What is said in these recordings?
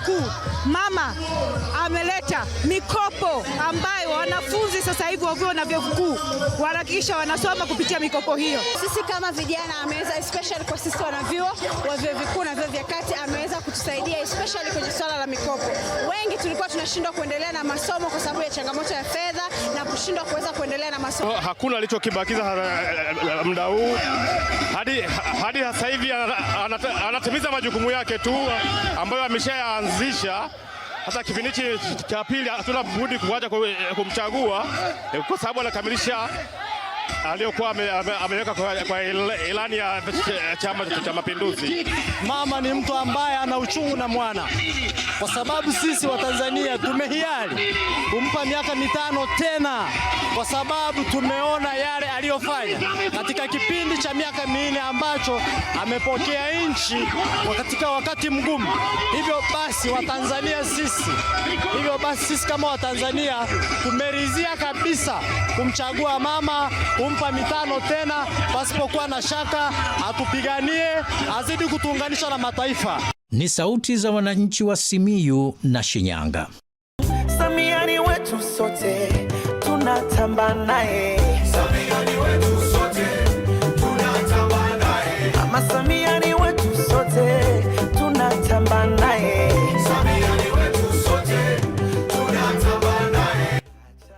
mkuu mama amele kupata mikopo ambayo wanafunzi sasa hivi wa vyuo na vyuo vikuu wanahakikisha wanasoma kupitia mikopo hiyo. Sisi kama vijana ameweza, especially kwa sisi wanavyuo wa vyuo vikuu na vyuo vya kati, ameweza kutusaidia especially kwenye swala la mikopo. Wengi tulikuwa tunashindwa kuendelea na masomo kwa sababu ya changamoto ya fedha na kushindwa kuweza kuendelea na masomo. Oh, hakuna alichokibakiza eh, eh, eh, muda huu hadi hadi sasa hivi anatimiza majukumu yake tu ambayo ameshaanzisha hasa kipindi cha pili hatuna budi kuacha kumchagua eh, kwa sababu anakamilisha aliyokuwa ameweka kwa ilani ya Chama cha Mapinduzi. Mama ni mtu ambaye ana uchungu na mwana, kwa sababu sisi Watanzania tumehiari kumpa miaka mitano tena, kwa sababu tumeona yale aliyofanya katika kipindi cha miaka minne ambacho amepokea nchi katika wakati mgumu. Hivyo basi Watanzania sisi, hivyo basi sisi kama Watanzania tumeridhia kabisa kumchagua mama kumpa mitano tena pasipokuwa na shaka, atupiganie azidi kutuunganisha na mataifa. Ni sauti za wananchi wa Simiyu na Shinyanga. Samia ni wetu sote, tunatamba naye. Samia ni wetu sote, tunatamba naye. Mama Samia ni wetu sote, tunatamba naye.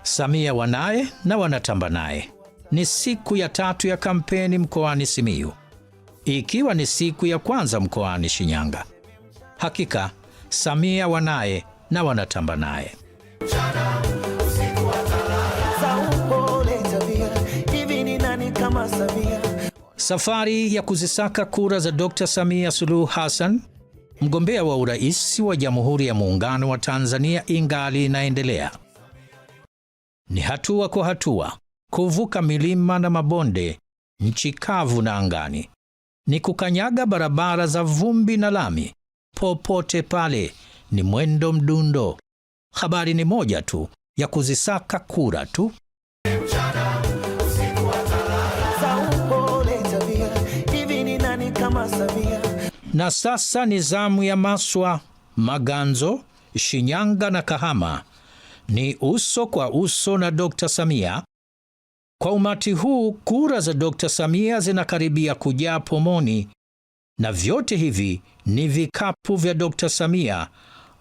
Samia wanaye na wanatamba naye ni siku ya tatu ya kampeni mkoani Simiyu, ikiwa ni siku ya kwanza mkoani Shinyanga. Hakika Samia wanaye na wanatamba naye. Safari ya kuzisaka kura za Dr. Samia Suluhu Hassan, mgombea wa urais wa Jamhuri ya Muungano wa Tanzania, ingali inaendelea. Ni hatua kwa hatua, kuvuka milima na mabonde, nchi kavu na angani, ni kukanyaga barabara za vumbi na lami. Popote pale ni mwendo mdundo. Habari ni moja tu ya kuzisaka kura tu. Na sasa ni zamu ya Maswa, Maganzo, Shinyanga na Kahama. Ni uso kwa uso na Dr. Samia kwa umati huu kura za Dr. Samia zinakaribia kujaa pomoni, na vyote hivi ni vikapu vya Dr. Samia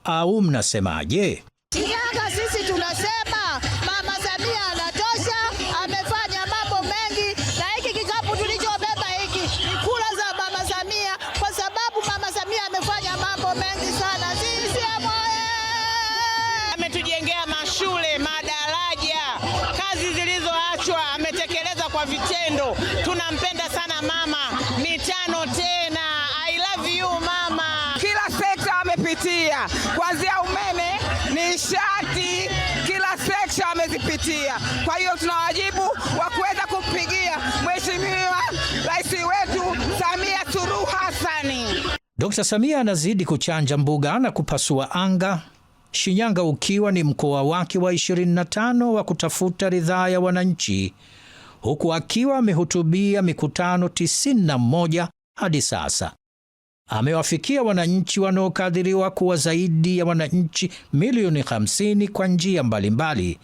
au mnasemaje? Shinyanga sisi tunasema Mama Samia anatosha, amefanya mambo mengi, na hiki kikapu tulichobeba hiki ni kura za Mama Samia, kwa sababu Mama Samia amefanya mambo mengi. mama, mitano tena. I love you mama. Kila sekta amepitia, kuanzia umeme, nishati, kila sekta amezipitia. Kwa hiyo tuna wajibu wa kuweza kumpigia Mheshimiwa Rais wetu Samia Suluhu Hassan. Dkt. Samia anazidi kuchanja mbuga na kupasua anga Shinyanga ukiwa ni mkoa wake wa 25 wa kutafuta ridhaa ya wananchi huku akiwa amehutubia mikutano 91 hadi sasa. Amewafikia wananchi wanaokadiriwa kuwa zaidi ya wananchi milioni 50 kwa njia mbalimbali,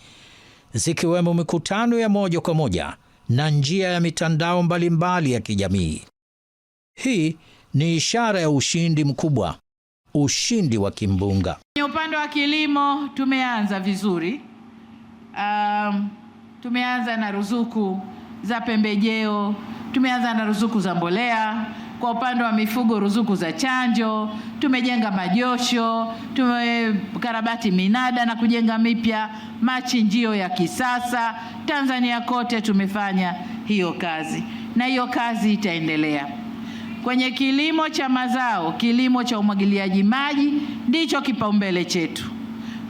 zikiwemo mikutano ya moja kwa moja na njia ya mitandao mbalimbali ya kijamii. Hii ni ishara ya ushindi mkubwa, ushindi wa kimbunga. Kwenye upande wa kilimo tumeanza vizuri. Um, Tumeanza na ruzuku za pembejeo, tumeanza na ruzuku za mbolea kwa upande wa mifugo, ruzuku za chanjo, tumejenga majosho, tumekarabati minada na kujenga mipya, machinjio ya kisasa. Tanzania kote tumefanya hiyo kazi na hiyo kazi itaendelea. Kwenye kilimo cha mazao, kilimo cha umwagiliaji maji ndicho kipaumbele chetu.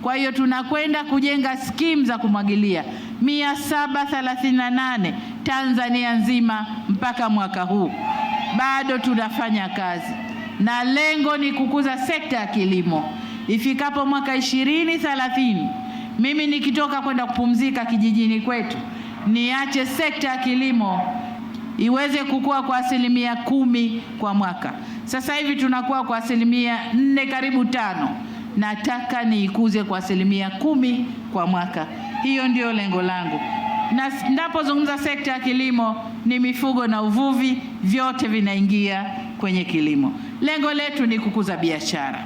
Kwa hiyo tunakwenda kujenga skimu za kumwagilia 738 Tanzania nzima mpaka mwaka huu. Bado tunafanya kazi na lengo ni kukuza sekta ya kilimo ifikapo mwaka ishirini thelathini. Mimi nikitoka kwenda kupumzika kijijini kwetu, niache sekta ya kilimo iweze kukua kwa asilimia kumi kwa mwaka. Sasa hivi tunakuwa kwa asilimia nne karibu tano, nataka niikuze kwa asilimia kumi kwa mwaka. Hiyo ndiyo lengo langu, na ninapozungumza sekta ya kilimo ni mifugo na uvuvi, vyote vinaingia kwenye kilimo. Lengo letu ni kukuza biashara,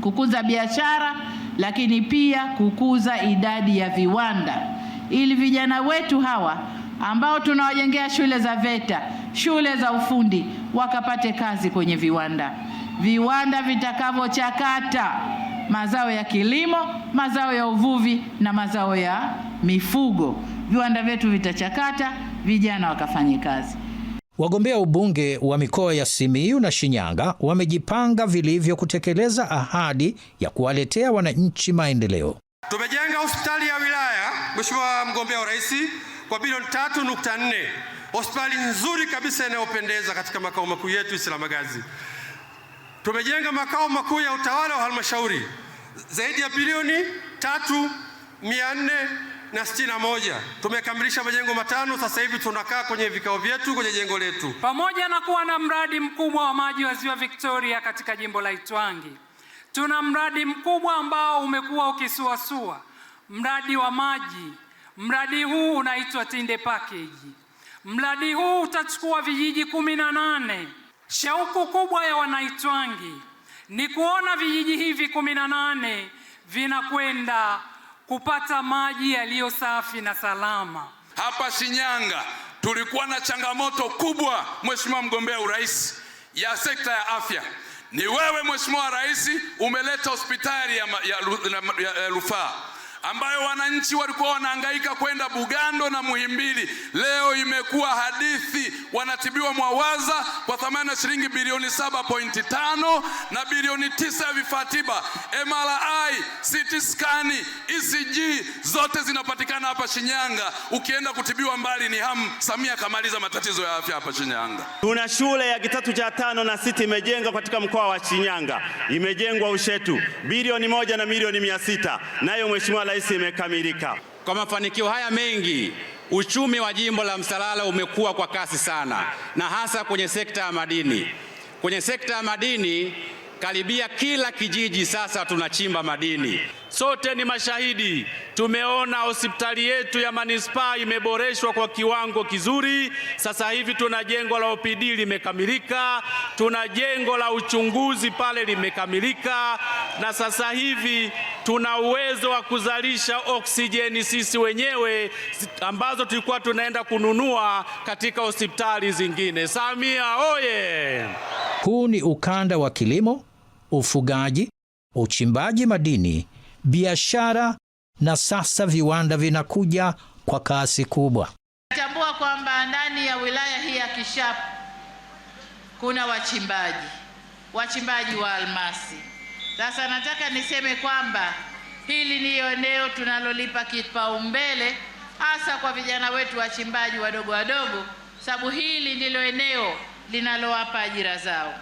kukuza biashara, lakini pia kukuza idadi ya viwanda, ili vijana wetu hawa ambao tunawajengea shule za VETA, shule za ufundi, wakapate kazi kwenye viwanda, viwanda vitakavyochakata mazao ya kilimo, mazao ya uvuvi na mazao ya mifugo. Viwanda vyetu vitachakata, vijana wakafanye kazi. Wagombea ubunge wa mikoa ya Simiyu na Shinyanga wamejipanga vilivyo kutekeleza ahadi ya kuwaletea wananchi maendeleo. Tumejenga hospitali ya wilaya, Mheshimiwa mgombea wa rais, kwa bilioni 3.4, hospitali nzuri kabisa inayopendeza katika makao makuu yetu Isilamagazi. Tumejenga makao makuu ya utawala wa halmashauri zaidi ya bilioni tatu mia nne na sitini na moja. Tumekamilisha majengo matano, sasa hivi tunakaa kwenye vikao vyetu kwenye jengo letu. Pamoja na kuwa na mradi mkubwa wa maji wa Ziwa Victoria katika jimbo la Itwangi, tuna mradi mkubwa ambao umekuwa ukisuasua, mradi wa maji. Mradi huu unaitwa Tinde Package. Mradi huu utachukua vijiji kumi na nane Shauku kubwa ya Wanaitwangi ni kuona vijiji hivi kumi na nane vinakwenda kupata maji yaliyo safi na salama. Hapa Shinyanga tulikuwa na changamoto kubwa, Mheshimiwa mgombea urais, ya sekta ya afya. Ni wewe Mheshimiwa Rais umeleta hospitali ya, ya, ya, ya rufaa ambayo wananchi walikuwa wanahangaika kwenda Bugando na Muhimbili, leo imekuwa hadithi. Wanatibiwa Mwawaza kwa thamani ya shilingi bilioni 7.5 na bilioni tisa ya vifaa tiba. MRI, CT scan, ECG zote zinapatikana hapa Shinyanga. Ukienda kutibiwa mbali ni hamu. Samia kamaliza matatizo ya afya hapa Shinyanga. Tuna shule ya kitatu cha tano na siti imejenga katika mkoa wa Shinyanga, imejengwa Ushetu bilioni moja na milioni mia sita nayo mheshimiwa rais imekamilika. Kwa mafanikio haya mengi, uchumi wa jimbo la Msalala umekuwa kwa kasi sana, na hasa kwenye sekta ya madini. Kwenye sekta ya madini karibia kila kijiji sasa tunachimba madini. Sote ni mashahidi, tumeona hospitali yetu ya manispaa imeboreshwa kwa kiwango kizuri. Sasa hivi tuna jengo la OPD limekamilika, tuna jengo la uchunguzi pale limekamilika, na sasa hivi tuna uwezo wa kuzalisha oksijeni sisi wenyewe ambazo tulikuwa tunaenda kununua katika hospitali zingine. Samia oye! Huu ni ukanda wa kilimo ufugaji, uchimbaji madini, biashara na sasa viwanda vinakuja kwa kasi kubwa. Natambua kwamba ndani ya wilaya hii ya Kishapu kuna wachimbaji, wachimbaji wa almasi. Sasa nataka niseme kwamba hili ndiyo eneo tunalolipa kipaumbele hasa kwa vijana wetu wachimbaji wadogo wadogo, sababu hili ndilo eneo linalowapa ajira zao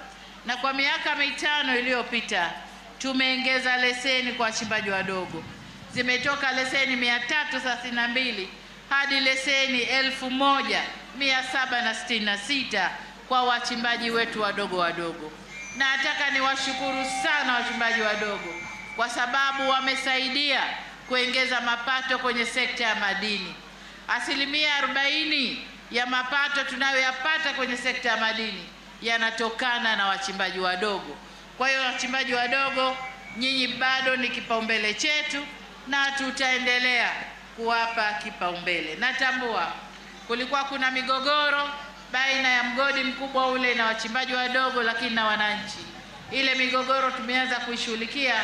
na kwa miaka mitano iliyopita tumeongeza leseni kwa wachimbaji wadogo, zimetoka leseni mia mbili hadi leseni elfu na sita kwa wachimbaji wetu wadogo wadogo. Nataka niwashukuru sana wachimbaji wadogo kwa sababu wamesaidia kuongeza mapato kwenye sekta ya madini. Asilimia 40 ya mapato tunayoyapata kwenye sekta ya madini yanatokana na wachimbaji wadogo. Kwa hiyo wachimbaji wadogo, nyinyi bado ni kipaumbele chetu na tutaendelea kuwapa kipaumbele. Natambua kulikuwa kuna migogoro baina ya mgodi mkubwa ule na wachimbaji wadogo, lakini na wananchi, ile migogoro tumeanza kuishughulikia,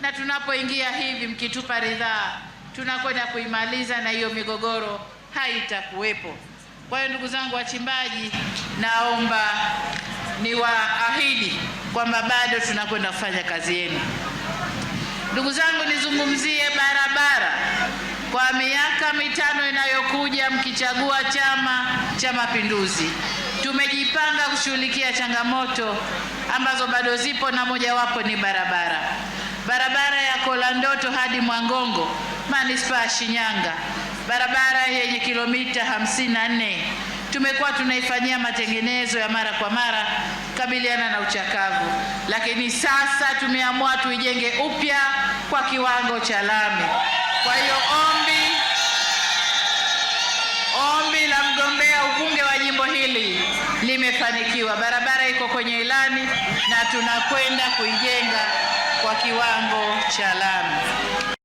na tunapoingia hivi, mkitupa ridhaa, tunakwenda kuimaliza na hiyo migogoro haitakuwepo. Kwa hiyo ndugu zangu wachimbaji, naomba niwaahidi kwamba bado tunakwenda kufanya kazi yenu. Ndugu zangu, nizungumzie barabara. Kwa miaka mitano inayokuja, mkichagua Chama cha Mapinduzi, tumejipanga kushughulikia changamoto ambazo bado zipo na mojawapo ni barabara, barabara ya Kolandoto hadi Mwangongo manispaa ya Shinyanga Barabara yenye kilomita 54 tumekuwa tunaifanyia matengenezo ya mara kwa mara kabiliana na uchakavu, lakini sasa tumeamua tuijenge upya kwa kiwango cha lami. Kwa hiyo ombi ombi la mgombea ubunge wa jimbo hili limefanikiwa. Barabara iko kwenye ilani na tunakwenda kuijenga kwa kiwango cha lami.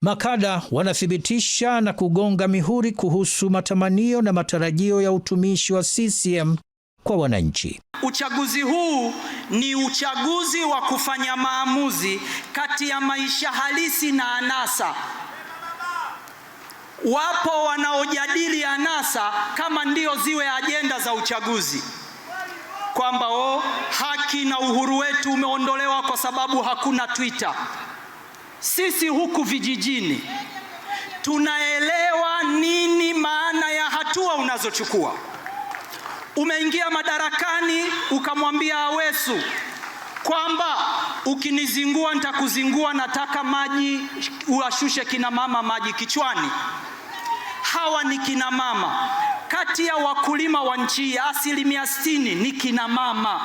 Makada wanathibitisha na kugonga mihuri kuhusu matamanio na matarajio ya utumishi wa CCM kwa wananchi. Uchaguzi huu ni uchaguzi wa kufanya maamuzi kati ya maisha halisi na anasa. Wapo wanaojadili anasa kama ndio ziwe ajenda za uchaguzi, kwamba oh, haki na uhuru wetu umeondolewa kwa sababu hakuna Twitter sisi huku vijijini tunaelewa nini maana ya hatua unazochukua. Umeingia madarakani ukamwambia Awesu kwamba ukinizingua nitakuzingua, nataka maji uwashushe kina mama maji kichwani. Hawa ni kina mama, kati ya wakulima wa nchi hii asilimia sitini ni kina mama.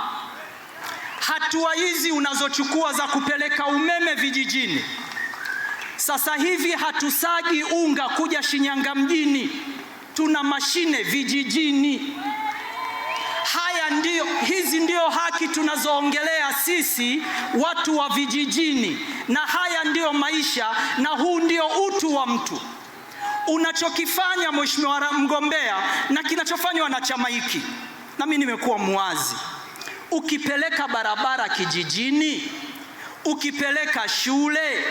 Hatua hizi unazochukua za kupeleka umeme vijijini sasa hivi hatusagi unga kuja Shinyanga mjini, tuna mashine vijijini. Haya ndio, hizi ndio haki tunazoongelea sisi watu wa vijijini, na haya ndiyo maisha na huu ndio utu wa mtu. Unachokifanya mheshimiwa mgombea na kinachofanywa na chama hiki, na mimi nimekuwa mwazi ukipeleka barabara kijijini, ukipeleka shule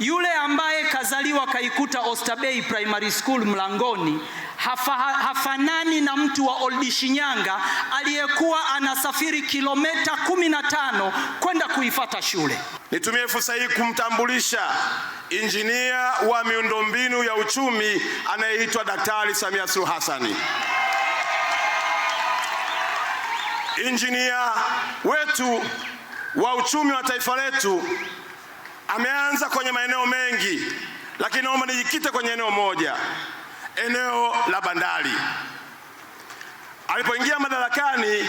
yule ambaye kazaliwa kaikuta Oysterbay Primary School Mlangoni hafa, hafanani na mtu wa shinyanga aliyekuwa anasafiri kilomita 15 kwenda kuifata shule. Nitumie fursa hii kumtambulisha injinia wa miundombinu ya uchumi anayeitwa Daktari Samia Suluhu Hassan. Injinia wetu wa uchumi wa taifa letu ameanza kwenye maeneo mengi, lakini naomba nijikite kwenye eneo moja, eneo la bandari. Alipoingia madarakani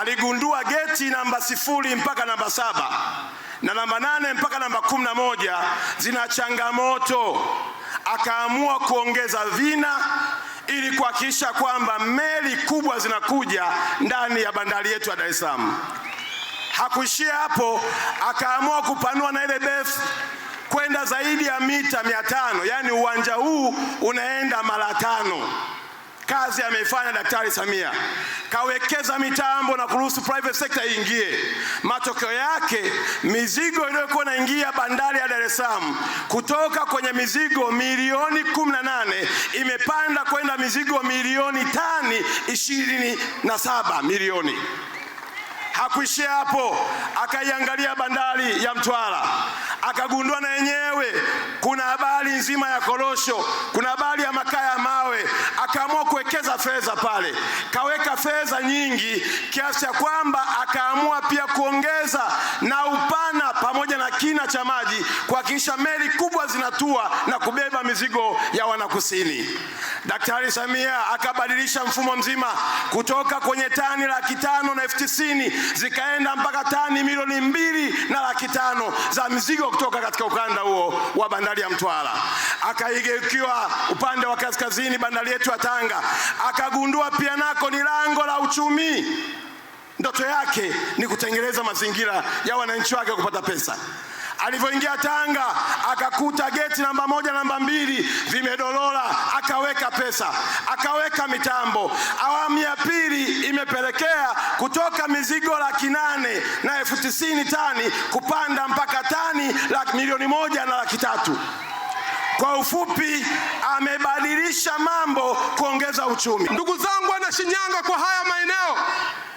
aligundua geti namba sifuri mpaka namba saba na namba nane mpaka namba kumi na moja zina changamoto, akaamua kuongeza vina ili kuhakikisha kwamba meli kubwa zinakuja ndani ya bandari yetu ya Dar es Salaam. Hakuishia hapo, akaamua kupanua na ile befu kwenda zaidi ya mita mia tano yaani uwanja huu unaenda mara tano. Kazi ameifanya Daktari Samia, kawekeza mitambo na kuruhusu private sector iingie. Matokeo yake mizigo iliyokuwa inaingia bandari ya Dar es Salaam kutoka kwenye mizigo milioni 18 imepanda kwenda mizigo milioni tani 27 milioni Hakuishia hapo, akaiangalia bandari ya Mtwara akagundua na yenyewe kuna habari nzima ya korosho, kuna habari ya makaa ya mwenyewe akaamua kuwekeza fedha pale, kaweka fedha nyingi kiasi cha kwamba akaamua pia kuongeza na upana pamoja na kina cha maji kuhakikisha meli kubwa zinatua na kubeba mizigo ya wanakusini. Daktari Samia akabadilisha mfumo mzima kutoka kwenye tani laki tano na elfu tisini zikaenda mpaka tani milioni mbili na laki tano za mizigo kutoka katika ukanda huo wa bandari ya Mtwara. Akaigeukiwa upande wa kaskazini bandari yetu ya Tanga, akagundua pia nako ni lango la uchumi. Ndoto yake ni kutengeneza mazingira ya wananchi wake kupata pesa. Alivyoingia Tanga akakuta geti namba moja, namba mbili vimedolola, akaweka pesa, akaweka mitambo. Awamu ya pili imepelekea kutoka mizigo laki nane na elfu tisini tani kupanda mpaka tani la milioni moja na laki tatu. Kwa ufupi, amebadilisha mambo kuongeza uchumi. Ndugu zangu wana Shinyanga, kwa haya maeneo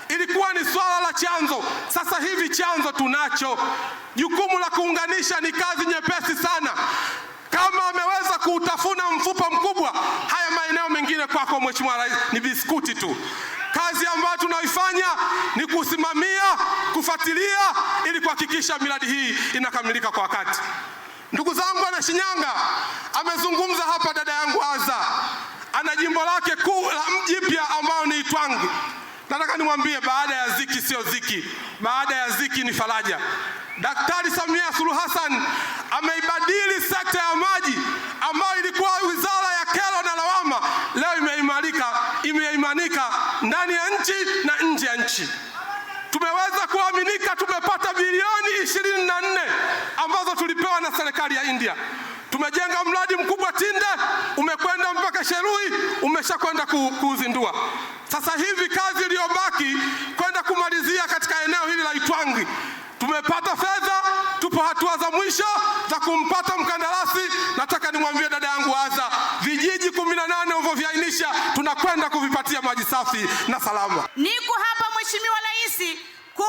ilikuwa ni swala la chanzo, sasa hivi chanzo tunacho. Jukumu la kuunganisha ni kazi nyepesi sana. Kama ameweza kuutafuna mfupa mkubwa, haya maeneo mengine kwako, Mheshimiwa Rais, ni biskuti tu. Kazi ambayo tunaifanya ni kusimamia, kufuatilia ili kuhakikisha miradi hii inakamilika kwa wakati. Ndugu zangu wana Shinyanga, amezungumza hapa dada yangu Aza, ana jimbo lake kuu la mji mpya ambao ni Itwangi. Nataka nimwambie baada ya ziki siyo ziki, baada ya ziki ni faraja. Daktari Samia Suluhu Hassan ameibadili sekta ya maji ambayo ilikuwa wizara ya kero na lawama, leo imeimarika, imeimanika ndani ya nchi na nje ya nchi tumeweza kuaminika, tumepata bilioni ishirini na nne ambazo tulipewa na serikali ya India. Tumejenga mradi mkubwa Tinde, umekwenda mpaka Sherui, umeshakwenda kuuzindua. Sasa hivi kazi iliyobaki kwenda kumalizia katika eneo hili la Itwangi, tumepata fedha, tupo hatua za mwisho za kumpata mkandarasi. Nataka nimwambie dada yangu Aza, vijiji kumi na nane ulivyoviainisha tunakwenda kuvipatia maji safi na salama. Niko hapa Mheshimiwa Rais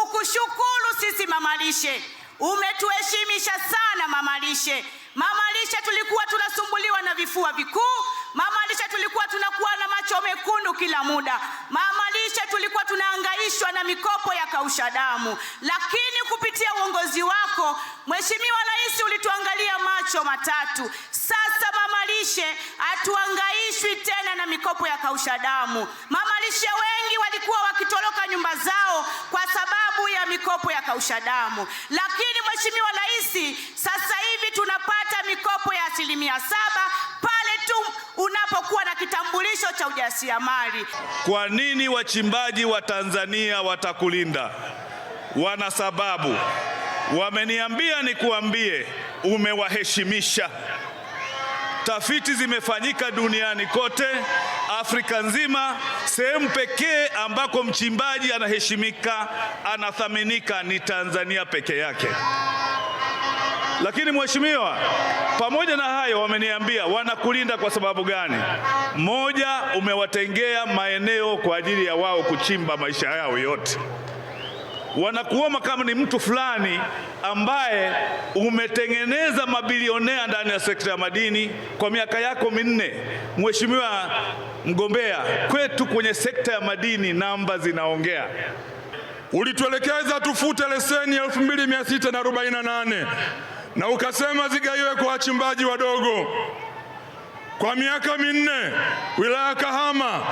kukushukuru sisi mamalishe, umetuheshimisha sana mamalishe. Mamalishe tulikuwa tunasumbuliwa na vifua vikuu Mama lishe tulikuwa tunakuwa na macho mekundu kila muda. Mama lishe tulikuwa tunahangaishwa na mikopo ya kausha damu, lakini kupitia uongozi wako Mheshimiwa Rais ulituangalia macho matatu. Sasa mama lishe hatuhangaishwi tena na mikopo ya kausha damu. Mama lishe wengi walikuwa wakitoroka nyumba zao kwa sababu ya mikopo ya kausha damu, lakini Mheshimiwa Rais sasa hivi tunapata mikopo ya asilimia saba utakapokuwa na kitambulisho cha ujasiriamali. Kwa nini wachimbaji wa Tanzania watakulinda? Wana sababu, wameniambia nikuambie, umewaheshimisha. Tafiti zimefanyika duniani kote, Afrika nzima. Sehemu pekee ambako mchimbaji anaheshimika, anathaminika ni Tanzania peke yake. Lakini mheshimiwa, pamoja na hayo wameniambia wanakulinda kwa sababu gani? Moja, umewatengea maeneo kwa ajili ya wao kuchimba maisha yao yote wanakuoma kama ni mtu fulani ambaye umetengeneza mabilionea ndani ya sekta ya madini kwa miaka yako minne. Mheshimiwa mgombea, kwetu kwenye sekta ya madini namba zinaongea. Ulituelekeza tufute leseni 2648 na ukasema zigaiwe kwa wachimbaji wadogo. Kwa miaka minne wilaya Kahama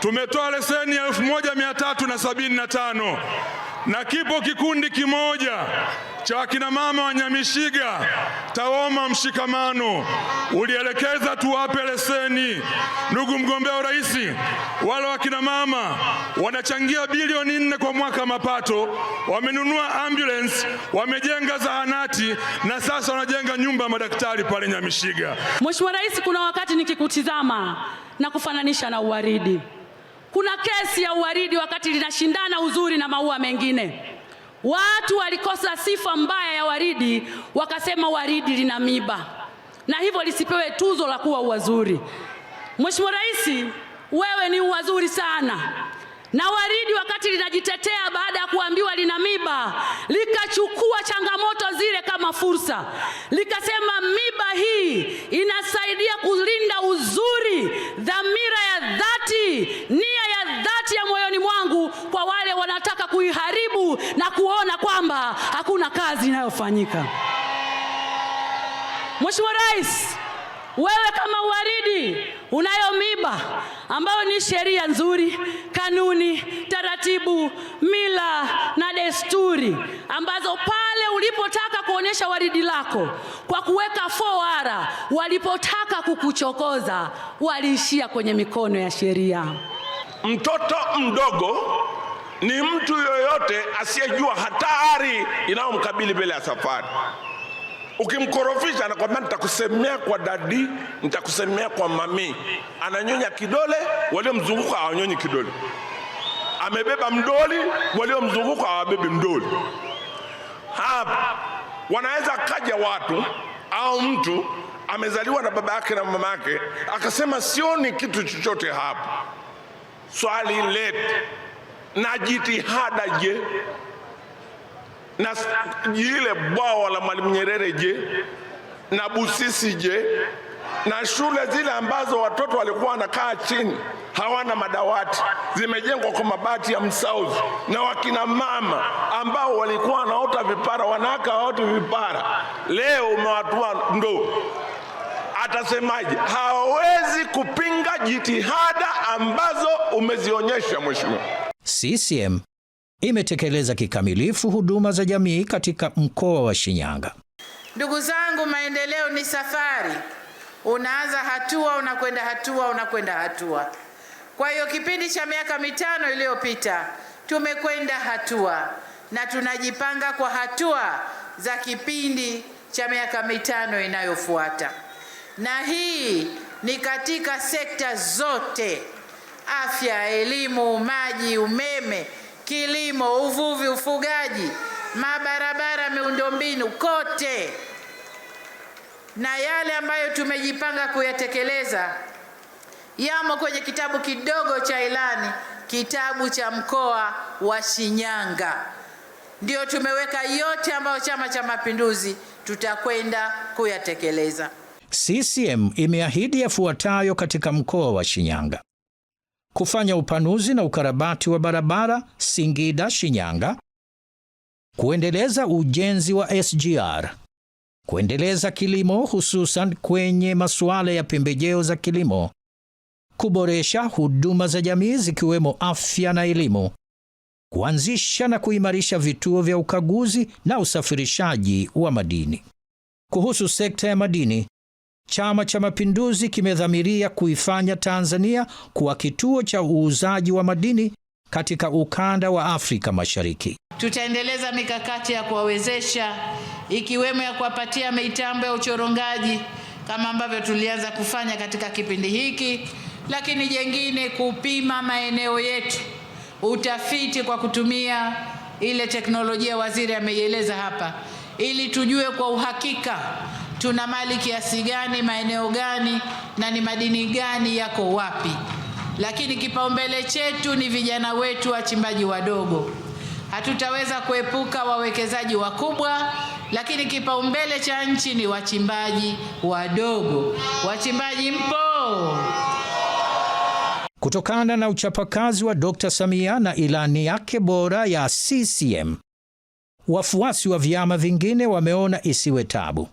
tumetoa leseni elfu moja mia tatu na sabini na tano na kipo kikundi kimoja cha wakina mama wa Nyamishiga, Tawoma mshikamano ulielekeza tuwape leseni. Ndugu mgombea urais, wale wakina mama wanachangia bilioni nne kwa mwaka mapato, wamenunua ambulance, wamejenga zahanati na sasa wanajenga nyumba ya madaktari pale Nyamishiga. Mheshimiwa Rais, kuna wakati nikikutizama na kufananisha na uwaridi. Kuna kesi ya uwaridi wakati linashindana uzuri na maua mengine Watu walikosa sifa mbaya ya waridi, wakasema waridi lina miba na hivyo lisipewe tuzo la kuwa uwazuri. Mheshimiwa Rais, wewe ni uwazuri sana na waridi wakati linajitetea baada ya kuambiwa lina miba, likachukua changamoto zile kama fursa, likasema miba hii inasaidia kulinda uzuri, dhamira ya dhati, nia ya ninayotia moyoni mwangu kwa wale wanataka kuiharibu na kuona kwamba hakuna kazi inayofanyika. Mheshimiwa Rais, wewe kama uwaridi unayo miba ambayo ni sheria nzuri, kanuni, taratibu, mila na desturi ambazo pale ulipotaka kuonyesha waridi lako kwa kuweka foara walipotaka kukuchokoza waliishia kwenye mikono ya sheria. Mtoto mdogo ni mtu yoyote asiyejua hatari inayomkabili mbele ya safari. Ukimkorofisha anakwambia nitakusemea kwa dadi, nitakusemea kwa mami. Ananyonya kidole, waliomzunguka hawanyonyi kidole. Amebeba mdoli, waliomzunguka hawabebi mdoli. Hapa wanaweza kaja watu au mtu amezaliwa na baba yake na mama yake, akasema sioni kitu chochote hapa swali letu na jitihada je, na jile bwawa la Mwalimu Nyerere je, na Busisi je, na shule zile ambazo watoto walikuwa wanakaa chini hawana madawati zimejengwa kwa mabati ya msauzi, na wakina mama ambao walikuwa wanaota vipara, wanawake hawaoti vipara, leo umewatua ndoo atasemaje? Hawezi kupinga jitihada ambazo umezionyesha mheshimiwa. CCM imetekeleza kikamilifu huduma za jamii katika mkoa wa Shinyanga. Ndugu zangu, maendeleo ni safari, unaanza hatua, unakwenda hatua, unakwenda hatua. Kwa hiyo kipindi cha miaka mitano iliyopita tumekwenda hatua na tunajipanga kwa hatua za kipindi cha miaka mitano inayofuata na hii ni katika sekta zote: afya, elimu, maji, umeme, kilimo, uvuvi, ufugaji, mabarabara, miundombinu, kote. Na yale ambayo tumejipanga kuyatekeleza yamo kwenye kitabu kidogo cha ilani, kitabu cha mkoa wa Shinyanga. Ndio tumeweka yote ambayo Chama cha Mapinduzi tutakwenda kuyatekeleza. CCM imeahidi yafuatayo katika mkoa wa Shinyanga: kufanya upanuzi na ukarabati wa barabara Singida Shinyanga, kuendeleza ujenzi wa SGR, kuendeleza kilimo hususan kwenye masuala ya pembejeo za kilimo, kuboresha huduma za jamii zikiwemo afya na elimu, kuanzisha na kuimarisha vituo vya ukaguzi na usafirishaji wa madini. Kuhusu sekta ya madini, Chama cha Mapinduzi kimedhamiria kuifanya Tanzania kuwa kituo cha uuzaji wa madini katika ukanda wa Afrika Mashariki. Tutaendeleza mikakati ya kuwawezesha ikiwemo ya kuwapatia mitambo ya uchorongaji kama ambavyo tulianza kufanya katika kipindi hiki, lakini jengine kupima maeneo yetu, utafiti kwa kutumia ile teknolojia waziri ameieleza hapa, ili tujue kwa uhakika tuna mali kiasi gani, maeneo gani, na ni madini gani yako wapi. Lakini kipaumbele chetu ni vijana wetu wachimbaji wadogo. Hatutaweza kuepuka wawekezaji wakubwa, lakini kipaumbele cha nchi ni wachimbaji wadogo. Wachimbaji mpo? Kutokana na uchapakazi wa Dr. Samia na ilani yake bora ya CCM, wafuasi wa vyama vingine wameona isiwe tabu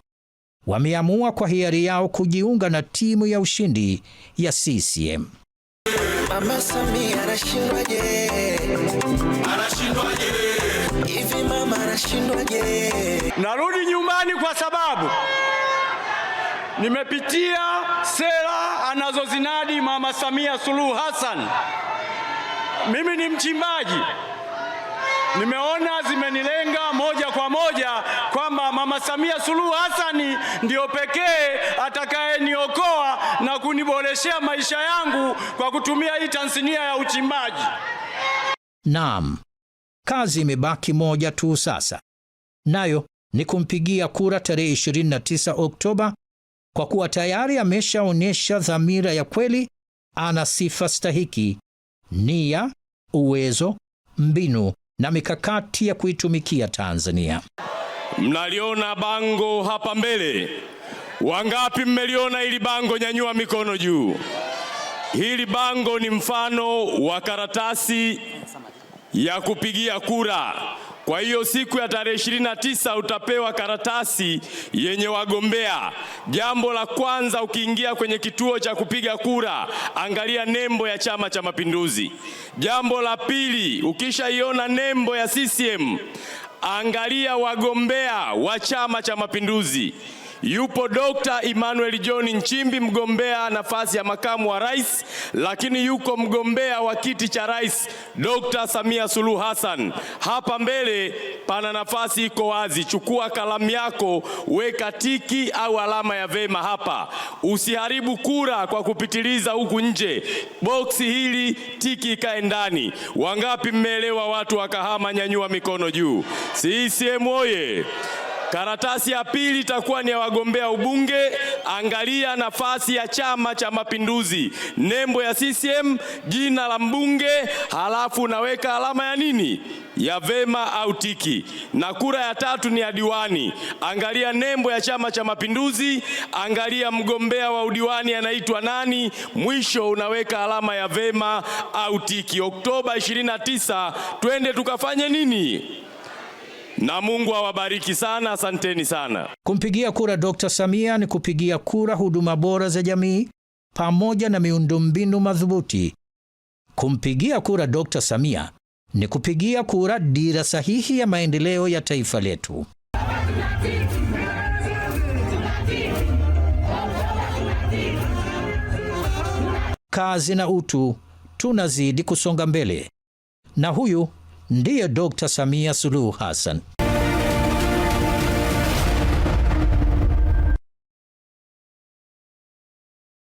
wameamua kwa hiari yao kujiunga na timu ya ushindi ya CCM. Mama Samia anashindwaje? Anashindwaje? Hivi mama anashindwaje? Narudi nyumbani kwa sababu nimepitia sera anazozinadi Mama Samia Suluhu Hassan. Mimi ni mchimbaji, nimeona zimenilenga moja kwa moja Samia Suluhu hasani ndio pekee atakayeniokoa na kuniboreshea maisha yangu kwa kutumia hii tanzania ya uchimbaji. Naam, kazi imebaki moja tu sasa, nayo ni kumpigia kura tarehe 29 Oktoba, kwa kuwa tayari ameshaonyesha dhamira ya kweli. Ana sifa stahiki, nia, uwezo, mbinu na mikakati ya kuitumikia Tanzania. Mnaliona bango hapa mbele? Wangapi mmeliona hili bango? Nyanyua mikono juu. Hili bango ni mfano wa karatasi ya kupigia kura. Kwa hiyo siku ya tarehe 29 utapewa karatasi yenye wagombea. Jambo la kwanza ukiingia kwenye kituo cha kupiga kura, angalia nembo ya Chama cha Mapinduzi. Jambo la pili, ukishaiona nembo ya CCM Angalia wagombea wa Chama cha Mapinduzi Yupo Dr. Emmanuel John Nchimbi mgombea nafasi ya makamu wa rais, lakini yuko mgombea wa kiti cha rais Dr. Samia Suluhu Hassan. Hapa mbele pana nafasi iko wazi, chukua kalamu yako, weka tiki au alama ya vema hapa. Usiharibu kura kwa kupitiliza huku nje. Boksi hili tiki ikae ndani. Wangapi mmeelewa? Watu wa Kahama, nyanyua mikono juu. CCM oye! Karatasi ya pili itakuwa ni ya wagombea ubunge. Angalia nafasi ya Chama cha Mapinduzi, nembo ya CCM, jina la mbunge, halafu unaweka alama ya nini, ya vema au tiki. Na kura ya tatu ni ya diwani. Angalia nembo ya Chama cha Mapinduzi, angalia mgombea wa udiwani anaitwa nani, mwisho unaweka alama ya vema au tiki. Oktoba 29 twende tukafanye nini? na Mungu awabariki sana, asanteni sana. Kumpigia kura Dr. Samia ni kupigia kura huduma bora za jamii pamoja na miundombinu madhubuti. Kumpigia kura Dr. Samia ni kupigia kura dira sahihi ya maendeleo ya taifa letu. Kazi na utu tunazidi kusonga mbele, na huyu ndiye Dr. Samia Suluhu Hassan.